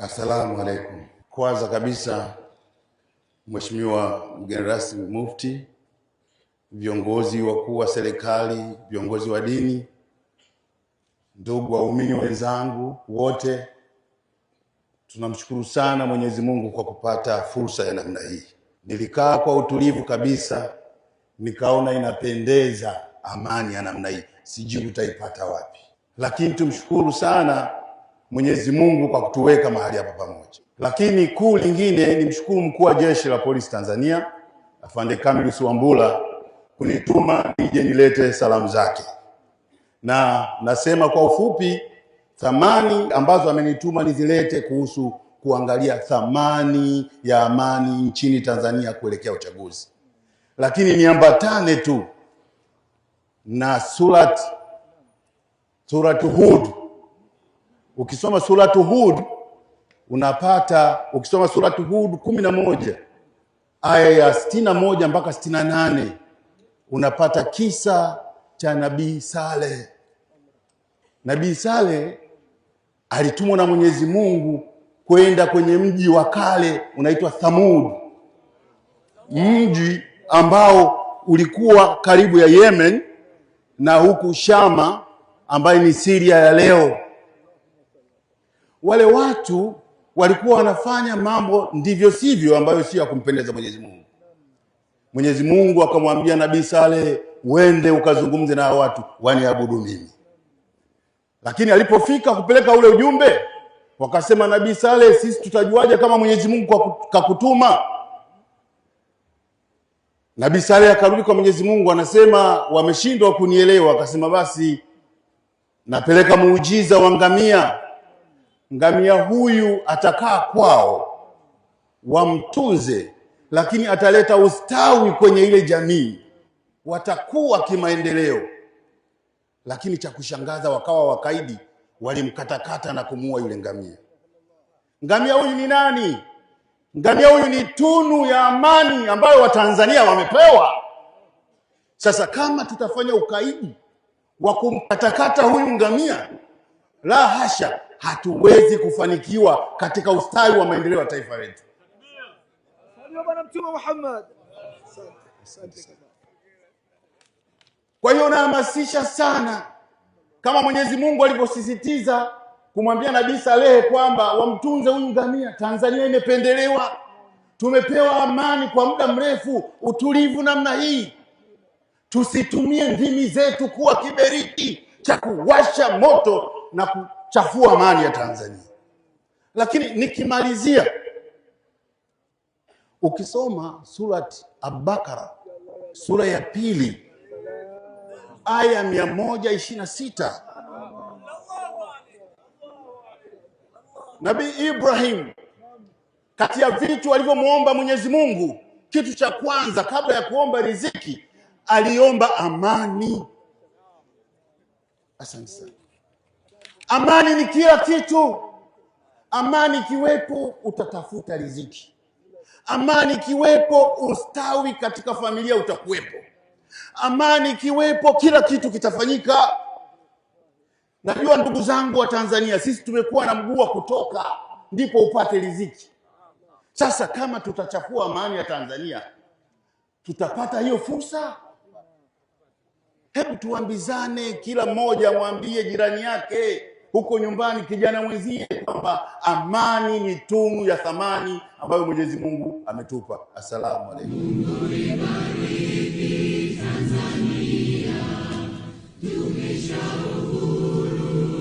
Assalamu alaikum. Kwanza kabisa, Mheshimiwa mgeni rasmi, Mufti, viongozi wakuu wa serikali, viongozi wa dini, ndugu waumini wenzangu wote, tunamshukuru sana Mwenyezi Mungu kwa kupata fursa ya namna hii. Nilikaa kwa utulivu kabisa, nikaona inapendeza amani ya namna hii, sijui utaipata wapi, lakini tumshukuru sana Mwenyezi Mungu kwa kutuweka mahali hapa pamoja. Lakini kuu lingine ni mshukuru mkuu wa jeshi la polisi Tanzania afande Camillus Wambura kunituma nije nilete salamu zake, na nasema kwa ufupi thamani ambazo amenituma nizilete kuhusu kuangalia thamani ya amani nchini Tanzania kuelekea uchaguzi, lakini niambatane tu na surat suratu Hud Ukisoma suratu Hud unapata, ukisoma suratu Hud kumi na moja aya ya sitini na moja mpaka sitini na nane unapata kisa cha nabii Saleh. Nabii Saleh alitumwa na Mwenyezi Mungu kwenda kwenye mji wa kale unaitwa Thamud, mji ambao ulikuwa karibu ya Yemen na huku Shama ambaye ni Siria ya leo wale watu walikuwa wanafanya mambo ndivyo sivyo ambayo sio ya kumpendeza Mwenyezi Mungu. Mwenyezi Mungu akamwambia Nabii Saleh, wende ukazungumze na watu waniabudu mimi. Lakini alipofika kupeleka ule ujumbe, wakasema Nabii Saleh, sisi tutajuaje kama Mwenyezi Mungu kakutuma? Nabii Saleh akarudi kwa Mwenyezi Mungu, anasema wameshindwa kunielewa. Akasema basi napeleka muujiza wa ngamia ngamia huyu atakaa kwao wamtunze, lakini ataleta ustawi kwenye ile jamii, watakuwa kimaendeleo. Lakini cha kushangaza, wakawa wakaidi, walimkatakata na kumuua yule ngamia. Ngamia huyu ni nani? Ngamia huyu ni tunu ya amani ambayo Watanzania wamepewa. Sasa kama tutafanya ukaidi wa kumkatakata huyu ngamia, la hasha, hatuwezi kufanikiwa katika ustawi wa maendeleo ya taifa letu. Kwa hiyo nahamasisha sana, kama Mwenyezi Mungu alivyosisitiza kumwambia Nabii Saleh kwamba wamtunze huyu ngamia. Tanzania imependelewa, tumepewa amani kwa muda mrefu, utulivu namna hii. Tusitumie ndimi zetu kuwa kiberiti cha kuwasha moto na kuchafua amani ya Tanzania. Lakini nikimalizia, ukisoma surati Abakara sura ya pili aya mia moja ishirini na sita Nabii Ibrahim kati ya vitu alivyomwomba Mwenyezi Mungu, kitu cha kwanza kabla ya kuomba riziki aliomba amani. Asante sana. Amani ni kila kitu. Amani ikiwepo, utatafuta riziki. Amani ikiwepo, ustawi katika familia utakuwepo. Amani ikiwepo, kila kitu kitafanyika. Najua ndugu zangu wa Tanzania, sisi tumekuwa na mguu wa kutoka ndipo upate riziki. Sasa kama tutachafua amani ya Tanzania, tutapata hiyo fursa? Hebu tuambizane, kila mmoja mwambie jirani yake huko nyumbani kijana mwenzie kwamba amani ni tunu ya thamani ambayo Mwenyezi Mungu ametupa. Assalamu alaykum. tumesha uhuru.